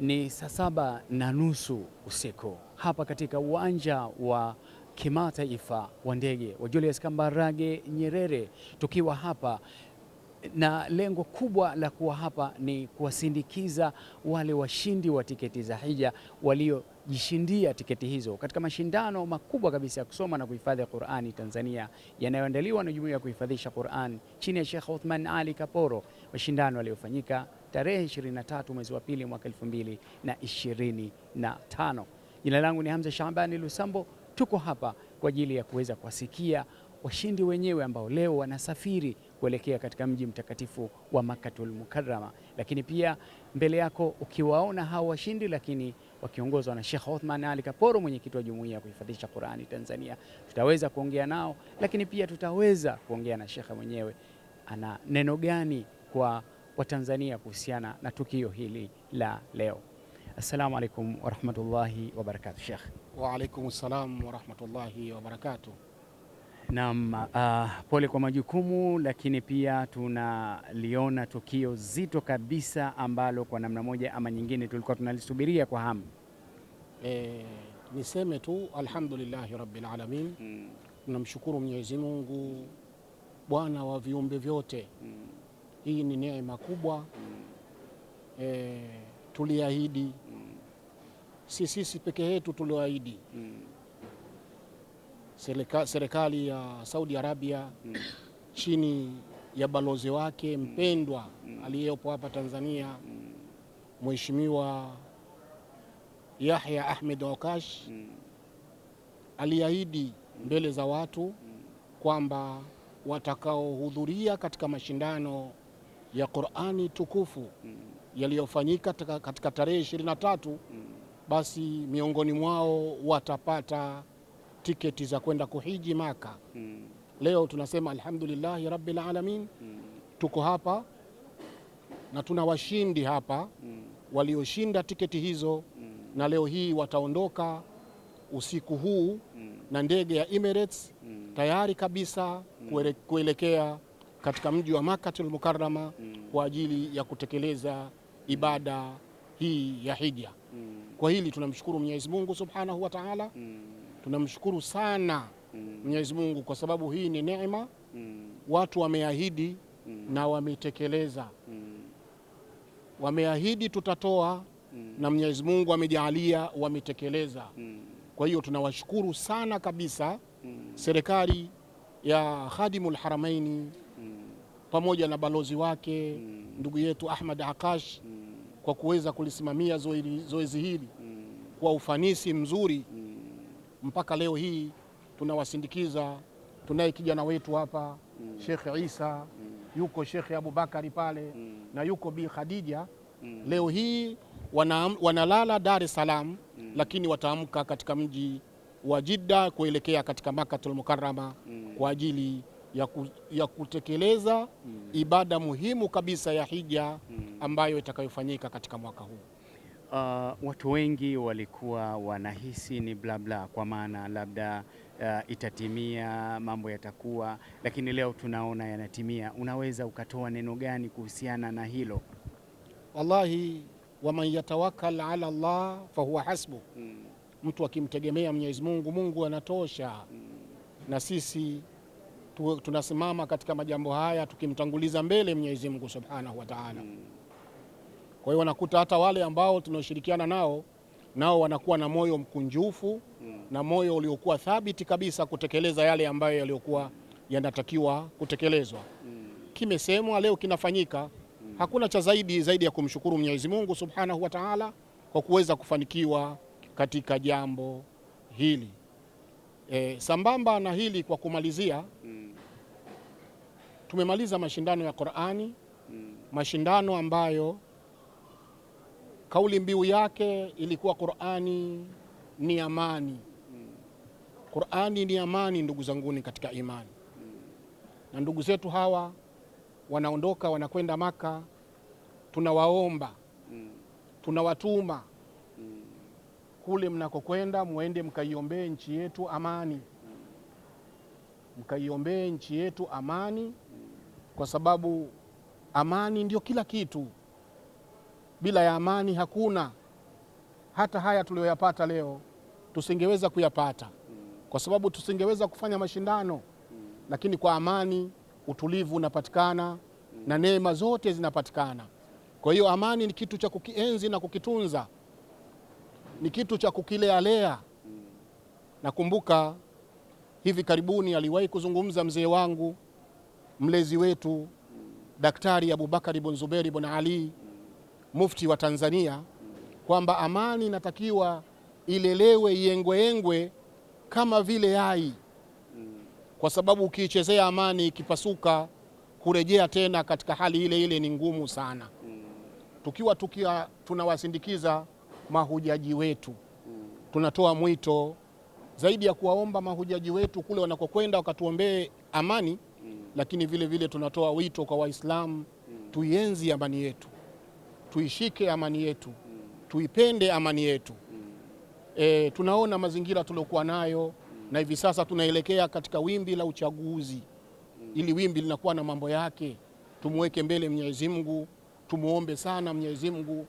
Ni saa saba na nusu usiku hapa katika uwanja wa kimataifa wa ndege wa Julius Kambarage Nyerere, tukiwa hapa na lengo kubwa la kuwa hapa ni kuwasindikiza wale washindi wa tiketi za hija waliojishindia tiketi hizo katika mashindano makubwa kabisa ya kusoma na kuhifadhi Qur'ani Tanzania yanayoandaliwa na Jumuiya ya Kuhifadhisha Qur'an chini ya Sheikh uthman Ali Kaporo, mashindano yaliyofanyika tarehe 23 mwezi wa pili mwaka 2025. Jina langu ni Hamza Shabani Lusambo, tuko hapa kwa ajili ya kuweza kuwasikia washindi wenyewe ambao leo wanasafiri kuelekea katika mji mtakatifu wa Makkatul Mukarrama, lakini pia mbele yako ukiwaona hao washindi, lakini wakiongozwa na Sheikh Othman Ali Kaporo, mwenyekiti wa Jumuiya ya Kuhifadhisha Qurani Tanzania, tutaweza kuongea nao, lakini pia tutaweza kuongea na shekhe mwenyewe ana neno gani kwa wa Tanzania kuhusiana na tukio hili la leo. Assalamu alaikum warahmatullahi wabarakatu, Sheikh. Wa alaikum salam warahmatullahi wabarakatu. Naam, uh, pole kwa majukumu, lakini pia tunaliona tukio zito kabisa ambalo kwa namna moja ama nyingine tulikuwa tunalisubiria kwa hamu. Eh, niseme tu alhamdulillahi rabbil alamin. Mm. Tunamshukuru mm. Mwenyezi Mungu Bwana wa viumbe vyote mm. Hii ni neema kubwa mm. E, tuliahidi mm. si sisi peke yetu tulioahidi mm. serikali ya Saudi Arabia mm. chini ya balozi wake mpendwa mm. aliyepo hapa Tanzania mm. Mheshimiwa Yahya Ahmed Okash mm. aliahidi mbele za watu mm. kwamba watakaohudhuria katika mashindano ya Qur'ani tukufu mm. yaliyofanyika katika tarehe 23 mm. basi miongoni mwao watapata tiketi za kwenda kuhiji Maka mm. Leo tunasema alhamdulillahi rabbil alamin mm. tuko hapa na tuna washindi hapa mm. walioshinda tiketi hizo mm. na leo hii wataondoka usiku huu mm. na ndege ya Emirates mm. tayari kabisa mm. kuelekea katika mji wa Makkatul Mukarrama mm kwa ajili ya kutekeleza ibada hii ya hija mm. Kwa hili tunamshukuru Mwenyezi Mungu Subhanahu wa Ta'ala mm. Tunamshukuru sana mm. Mwenyezi Mungu kwa sababu hii ni neema Watu wameahidi na wametekeleza Wameahidi tutatoa na Mwenyezi Mungu amejaalia wametekeleza Kwa hiyo tunawashukuru sana kabisa serikali ya Khadimul Haramaini pamoja na balozi wake mm. ndugu yetu Ahmad Akash mm. kwa kuweza kulisimamia zoezi, zoezi hili mm. kwa ufanisi mzuri mm. mpaka leo hii tunawasindikiza. Tunaye kijana wetu hapa mm. Shekhe Isa mm. yuko Shekhe Abubakari pale mm. na yuko Bi Khadija mm. leo hii wana, wanalala Dar es Salaam mm. lakini wataamka katika mji wa Jidda kuelekea katika Makatul Mukarrama mm. kwa ajili ya, ku, ya kutekeleza mm. ibada muhimu kabisa ya hija mm. ambayo itakayofanyika katika mwaka huu. Uh, watu wengi walikuwa wanahisi ni bla bla, kwa maana labda uh, itatimia mambo yatakuwa, lakini leo tunaona yanatimia. Unaweza ukatoa neno gani kuhusiana na hilo? Wallahi, waman yatawakkal ala Allah fahuwa hasbu mm. mtu akimtegemea Mwenyezi Mungu, Mungu anatosha mm. na sisi tu, tunasimama katika majambo haya tukimtanguliza mbele Mwenyezi Mungu Subhanahu wa Ta'ala. Kwa hiyo wanakuta hata wale ambao tunaoshirikiana nao nao wanakuwa na moyo mkunjufu na moyo uliokuwa thabiti kabisa kutekeleza yale ambayo yaliokuwa yanatakiwa kutekelezwa kimesemwa leo kinafanyika hakuna cha zaidi zaidi ya kumshukuru Mwenyezi Mungu Subhanahu wa Ta'ala kwa kuweza kufanikiwa katika jambo hili e, sambamba na hili kwa kumalizia tumemaliza mashindano ya Qur'ani, mashindano ambayo kauli mbiu yake ilikuwa Qur'ani ni amani. Qur'ani ni amani, ndugu zanguni katika imani. Na ndugu zetu hawa wanaondoka wanakwenda Maka, tunawaomba tunawatuma kule mnakokwenda, muende mkaiombee nchi yetu amani, mkaiombee nchi yetu amani kwa sababu amani ndio kila kitu. Bila ya amani hakuna hata haya tuliyoyapata leo tusingeweza kuyapata, kwa sababu tusingeweza kufanya mashindano. Lakini kwa amani utulivu unapatikana na neema zote zinapatikana. Kwa hiyo amani ni kitu cha kukienzi na kukitunza, ni kitu cha kukilealea. Nakumbuka hivi karibuni aliwahi kuzungumza mzee wangu mlezi wetu Daktari Abubakari ibn Zuberi ibn Ali, mufti wa Tanzania, kwamba amani inatakiwa ilelewe iengweengwe kama vile yai, kwa sababu ukiichezea amani ikipasuka, kurejea tena katika hali ile ile ni ngumu sana. Tukiwa tukiwa tunawasindikiza mahujaji wetu, tunatoa mwito zaidi ya kuwaomba mahujaji wetu kule wanakokwenda wakatuombee amani lakini vile vile tunatoa wito kwa Waislamu tuienzi amani yetu, tuishike amani yetu, tuipende amani yetu. E, tunaona mazingira tuliokuwa nayo na hivi sasa tunaelekea katika wimbi la uchaguzi. Ili wimbi linakuwa na mambo yake, tumweke mbele Mwenyezi Mungu, tumuombe sana Mwenyezi Mungu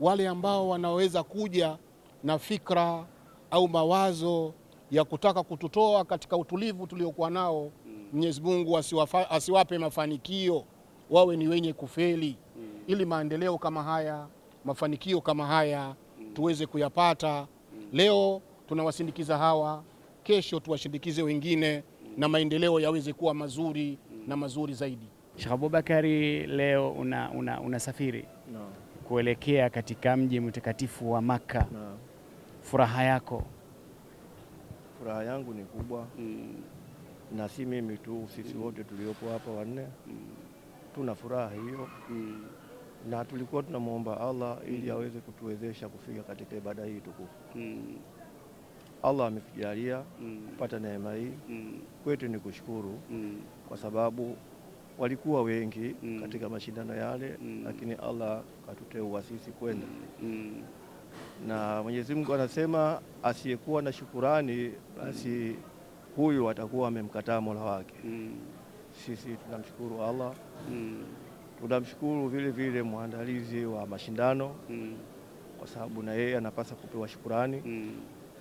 wale ambao wanaweza kuja na fikra au mawazo ya kutaka kututoa katika utulivu tuliokuwa nao Mwenyezi Mungu asiwape mafanikio wawe ni wenye kufeli mm. ili maendeleo kama haya mafanikio kama haya mm. tuweze kuyapata mm. Leo tunawasindikiza hawa, kesho tuwashindikize wengine mm. na maendeleo yaweze kuwa mazuri mm. na mazuri zaidi. Sheikh Abubakari, leo unasafiri una, una no. kuelekea katika mji mtakatifu wa Makka no. furaha yako? Furaha yangu ni kubwa mm na si mimi tu, sisi mm. wote mm. tuliopo hapa wanne mm. tuna furaha hiyo mm. na tulikuwa tunamwomba Allah mm. ili aweze kutuwezesha kufika katika ibada hii tukufu mm. Allah ametujalia mm. kupata neema hii mm. kwetu ni kushukuru mm. kwa sababu walikuwa wengi mm. katika mashindano yale mm. lakini Allah katuteua sisi kwenda mm. na Mwenyezi Mungu anasema asiyekuwa na shukurani basi mm huyu atakuwa amemkataa mola wake mm. Sisi tunamshukuru Allah mm. Tunamshukuru vile vile mwandalizi wa mashindano mm. kwa sababu na yeye anapaswa kupewa shukurani mm.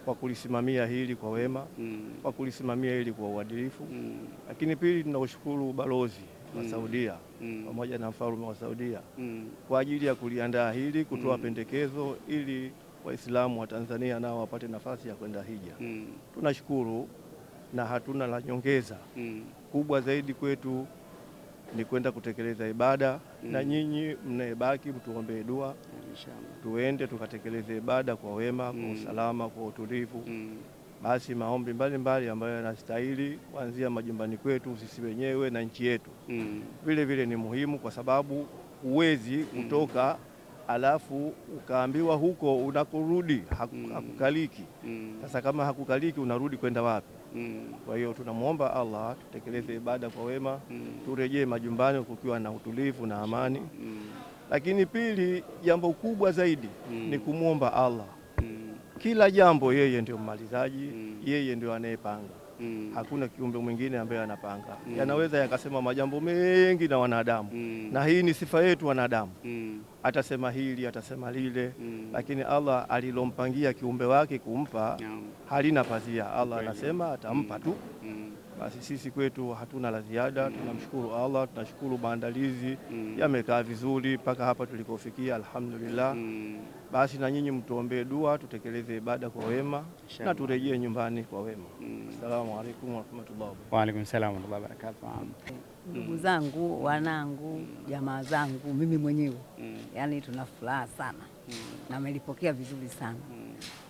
kwa kulisimamia hili kwa wema mm. kwa kulisimamia hili kwa uadilifu mm. Lakini pili tunaushukuru balozi wa mm. Saudia mm. pamoja mm. na mfalme wa Saudia mm. kwa ajili ya kuliandaa hili, kutoa mm. pendekezo ili Waislamu wa Tanzania nao wapate nafasi ya kwenda hija mm. tunashukuru na hatuna la nyongeza mm. Kubwa zaidi kwetu ni kwenda kutekeleza ibada mm. Na nyinyi mnaebaki mtuombee dua inshallah, tuende tukatekeleze ibada kwa wema mm. Kwa usalama, kwa utulivu mm. Basi maombi mbalimbali ambayo yanastahili kuanzia majumbani kwetu sisi wenyewe na nchi yetu mm. Vile vile ni muhimu kwa sababu huwezi mm. kutoka mm. Alafu ukaambiwa huko unakorudi mm. hakukaliki mm. Sasa kama hakukaliki unarudi kwenda wapi? Mm. Kwa hiyo tunamwomba Allah tutekeleze ibada kwa wema, mm. turejee majumbani kukiwa na utulivu na amani. Mm. Lakini pili, jambo kubwa zaidi ni kumwomba Allah. Kila jambo yeye ndio mmalizaji, yeye ndio anayepanga mm. hakuna kiumbe mwingine ambaye anapanga mm. yanaweza yakasema majambo mengi na wanadamu mm. na hii ni sifa yetu wanadamu mm. atasema hili atasema lile mm. lakini Allah alilompangia kiumbe wake kumpa yeah. halina pazia. Allah anasema atampa mm. tu mm. Basi sisi kwetu hatuna la ziada mm. tunamshukuru Allah, tunashukuru maandalizi mm. yamekaa vizuri mpaka hapa tulikofikia, alhamdulillah mm basi na nyinyi mtuombee dua, tutekeleze ibada kwa wema na turejee nyumbani kwa wema. Mm. Assalamu alaykum wa rahmatullahi wa alaykum salaam wa rahmatullahi wa barakatuh. Ndugu zangu, wanangu, jamaa zangu, mimi mwenyewe mm. yani, tuna furaha sana mm. na amelipokea vizuri sana.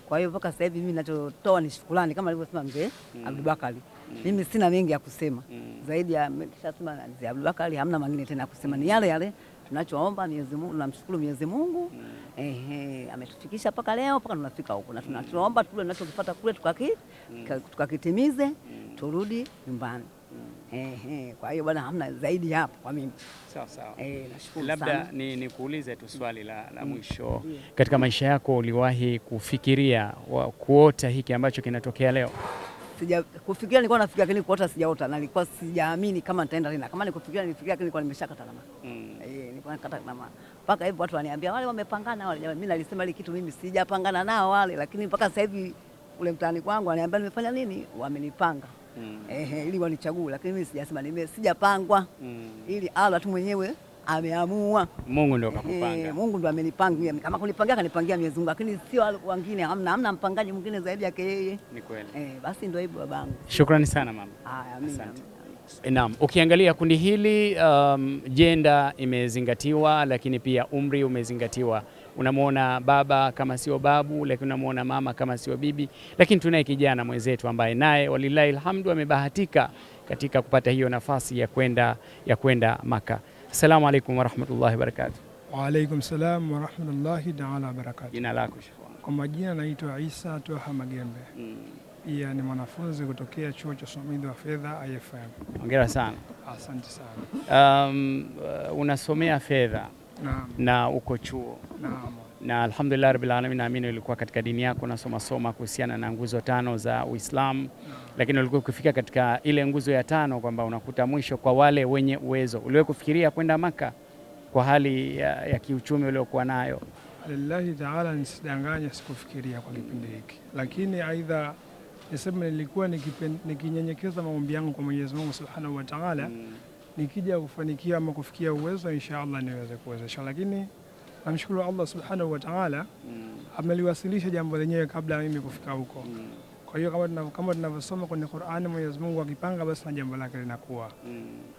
Kwa hiyo mpaka sasa hivi mimi ninachotoa ni shukrani kama alivyosema mzee Abdubakari. Mimi sina mengi ya kusema zaidi ya kishasema mzee abubakari hamna mengine tena ya kusema, ni yale yale Tunachoomba Mwenyezi Mungu, tunamshukuru Mwenyezi Mungu mm. Ehe, ametufikisha mpaka leo mpaka tunafika huko na tunaomba tule tunachokipata kule tukaki, mm. tukakitimize mm. turudi nyumbani mm. Ehe, kwa hiyo bwana, hamna zaidi hapo kwa mimi. Sawa sawa. Eh, nashukuru sana. Labda ni nikuulize tu swali la, la mm. mwisho yeah. Katika maisha yako uliwahi kufikiria wa, kuota hiki ambacho kinatokea leo? Sija kufikiria, nilikuwa nafikiria lakini kuota sijaota, na nilikuwa sijaamini kama nitaenda tena. Kama nikufikiria nilifikiria, lakini nilikuwa nimeshakata tamaa mm kukata tamaa mpaka hivyo watu waniambia wale wamepangana wale. Mimi nalisema ile kitu mimi sijapangana nao wale, lakini mpaka sasa hivi ule mtaani kwangu ananiambia nimefanya nini, wamenipanga mm. Eh, ili wanichague, lakini mimi sijasema nime sijapangwa mm. ili Allah tu mwenyewe ameamua. Mungu ndio kakupanga. E, Mungu ndio amenipangia. Kama kunipangia kanipangia Mwenyezi Mungu, lakini sio wengine, hamna hamna mpangaji mwingine zaidi yake yeye. Ni kweli. Eh, basi ndio hivyo babangu. Shukrani sana mama. Haya, amina. Asante. Naam, ukiangalia kundi hili um, jenda imezingatiwa, lakini pia umri umezingatiwa. Unamwona baba kama sio babu, lakini unamwona mama kama sio bibi, lakini tunaye kijana mwenzetu ambaye naye walilahi alhamdu amebahatika katika kupata hiyo nafasi ya kwenda ya kwenda Maka. Assalamu alaikum warahmatullahi wabarakatuh. Wa alaikum salam warahmatullahi taala wabarakatuh. Jina lako? Kwa majina naitwa Isa toha Magembe. mm pia ni mwanafunzi kutokea chuo cha usimamizi wa fedha IFM. Hongera sana. Asante sana. Um, uh, unasomea fedha na uko chuo na alhamdulillah rabbil alamin, naamini ulikuwa katika dini yako unasoma soma kuhusiana na nguzo tano za Uislamu, lakini ulikuwa ukifika katika ile nguzo ya tano kwamba unakuta mwisho kwa wale wenye uwezo. Uliwahi kufikiria kwenda Maka kwa hali ya, ya kiuchumi uliokuwa nayo? Lillahi taala, nisidanganya, sikufikiria kwa kipindi hiki, lakini aidha Nasema nilikuwa nikinyenyekeza maombi yangu kwa Mwenyezi Mungu Subhanahu wa Ta'ala, mm. nikija kufanikiwa ama kufikia uwezo inshaallah niweze kuwezesha, lakini namshukuru Allah Subhanahu wa Ta'ala mm. ameliwasilisha jambo lenyewe kabla mimi kufika huko. Mm. Kwa hiyo kama tunavyosoma kwenye Qur'ani, Mwenyezi Mungu akipanga basi na jambo lake linakuwa.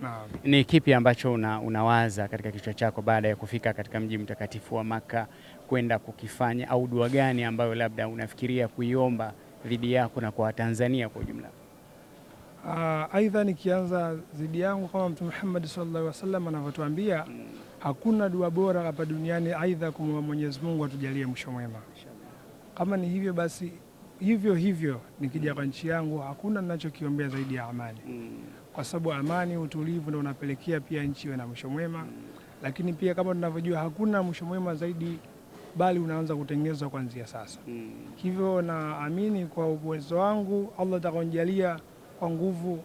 Naam. Ni kipi ambacho una, unawaza katika kichwa chako baada ya kufika katika mji mtakatifu wa Maka kwenda kukifanya, au dua gani ambayo labda unafikiria kuiomba dhidi yako na kwa tanzania kwa ujumla? Ah, aidha, nikianza dhidi yangu kama Mtume Muhammad sallallahu alaihi wasallam anavyotuambia, hakuna dua bora hapa duniani aidha kumwomba Mwenyezi Mungu atujalie mwisho mwema. Kama ni hivyo basi hivyo hivyo nikija kwa nchi yangu hakuna ninachokiombea zaidi ya amani kwa sababu amani, utulivu ndio unapelekea pia nchi iwe na mwisho mwema lakini pia kama tunavyojua hakuna mwisho mwema zaidi bali unaanza kutengenezwa kuanzia sasa. Mm. Hivyo naamini kwa uwezo wangu Allah atakonijalia kwa nguvu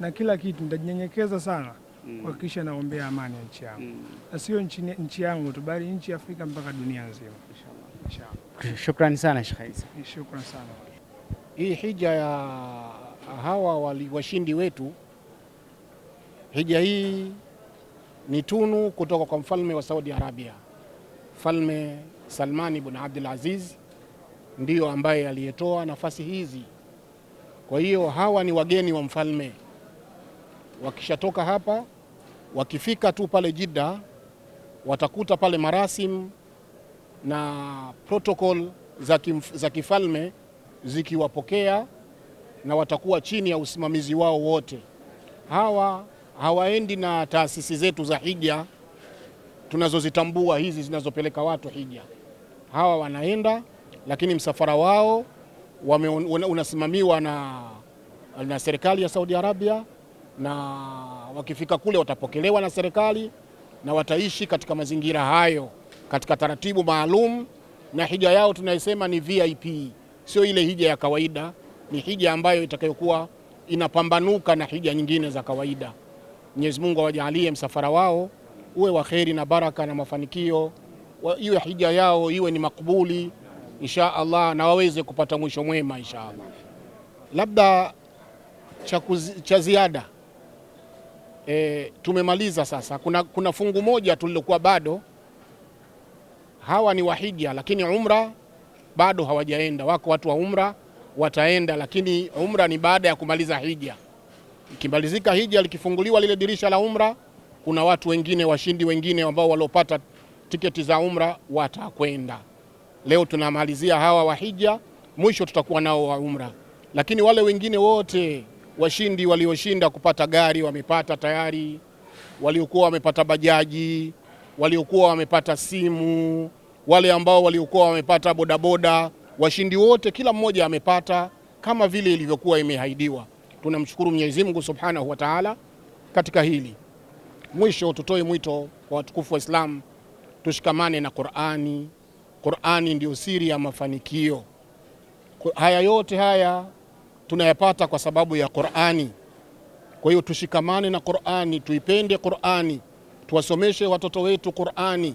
na kila kitu nitajinyenyekeza sana mm. kuhakikisha mm. naombea amani ya nchi yangu mm. na sio nchi yangu tu bali nchi ya Afrika mpaka dunia nzima inshallah. Shukrani sana Sheikh Isa. Shukrani sana. Hii hija ya hawa wali washindi wetu, hija hii ni tunu kutoka kwa mfalme wa Saudi Arabia, mfalme Salmani ibn Abdul Aziz ndiyo ambaye aliyetoa nafasi hizi. Kwa hiyo hawa ni wageni wa mfalme, wakishatoka hapa, wakifika tu pale Jidda watakuta pale marasim na protokol za kifalme zikiwapokea na watakuwa chini ya usimamizi wao wote. Hawa hawaendi na taasisi zetu za hija tunazozitambua hizi zinazopeleka watu hija hawa wanaenda, lakini msafara wao wame, unasimamiwa na, na serikali ya Saudi Arabia, na wakifika kule watapokelewa na serikali na wataishi katika mazingira hayo katika taratibu maalum, na hija yao tunaisema ni VIP, sio ile hija ya kawaida, ni hija ambayo itakayokuwa inapambanuka na hija nyingine za kawaida. Mwenyezi Mungu awajalie msafara wao uwe wa kheri na baraka na mafanikio iwe hija yao iwe ni makubuli insha Allah, na waweze kupata mwisho mwema insha Allah. Labda cha ziada e, tumemaliza sasa. Kuna, kuna fungu moja tulilokuwa bado hawa ni wahija, lakini umra bado hawajaenda. Wako watu wa umra wataenda, lakini umra ni baada ya kumaliza hija. Ikimalizika hija, likifunguliwa lile dirisha la umra, kuna watu wengine washindi wengine ambao waliopata tiketi za umra watakwenda. Leo tunamalizia hawa wa hija, mwisho tutakuwa nao wa umra, lakini wale wengine wote washindi walioshinda kupata gari wamepata tayari, waliokuwa wamepata bajaji, waliokuwa wamepata simu, wale ambao waliokuwa wamepata bodaboda, washindi wote, kila mmoja amepata kama vile ilivyokuwa imehaidiwa. Tunamshukuru Mwenyezi Mungu Subhanahu wa Ta'ala katika hili. Mwisho tutoe mwito kwa watukufu wa Islamu tushikamane na Qur'ani. Qur'ani ndio siri ya mafanikio. Haya yote haya tunayapata kwa sababu ya Qur'ani. Kwa hiyo tushikamane na Qur'ani, tuipende Qur'ani, tuwasomeshe watoto wetu Qur'ani.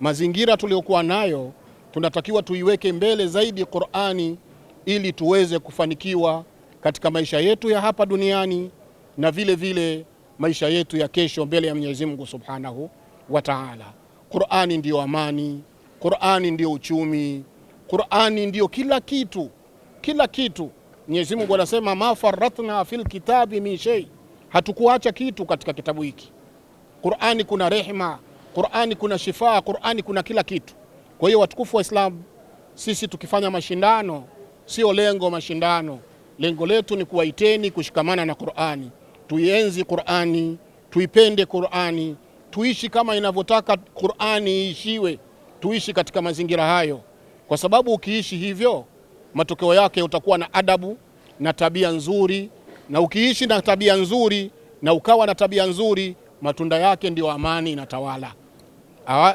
Mazingira tuliyokuwa nayo tunatakiwa tuiweke mbele zaidi Qur'ani ili tuweze kufanikiwa katika maisha yetu ya hapa duniani na vile vile maisha yetu ya kesho mbele ya Mwenyezi Mungu Subhanahu wa Ta'ala. Qur'ani ndiyo amani, Qur'ani ndiyo uchumi, Qur'ani ndiyo kila kitu, kila kitu. Mwenyezi Mungu anasema ma faratna fil kitabi min shay, hatukuacha kitu katika kitabu hiki. Qur'ani kuna rehma, Qur'ani kuna shifaa, Qur'ani kuna kila kitu. Kwa hiyo watukufu wa Islam, sisi tukifanya mashindano, sio lengo mashindano, lengo letu ni kuwaiteni kushikamana na Qur'ani, tuienzi Qur'ani, tuipende Qur'ani tuishi kama inavyotaka Qur'ani iishiwe, tuishi katika mazingira hayo, kwa sababu ukiishi hivyo matokeo yake utakuwa na adabu na tabia nzuri, na ukiishi na tabia nzuri na ukawa na tabia nzuri, matunda yake ndiyo amani inatawala.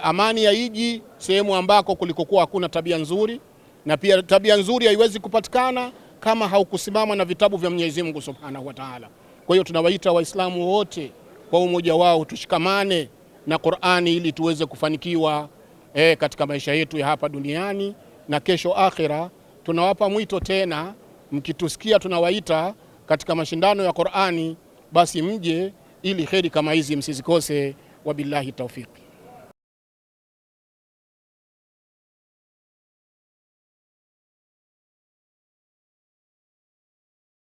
Amani yaiji sehemu ambako kulikokuwa hakuna tabia nzuri, na pia tabia nzuri haiwezi kupatikana kama haukusimama na vitabu vya Mwenyezi Mungu Subhanahu wa Ta'ala. Kwa hiyo tunawaita Waislamu wote kwa umoja wao tushikamane na Qur'ani ili tuweze kufanikiwa e, katika maisha yetu ya hapa duniani na kesho akhira. Tunawapa mwito tena, mkitusikia tunawaita katika mashindano ya Qur'ani, basi mje ili kheri kama hizi msizikose. Wabillahi tawfiki.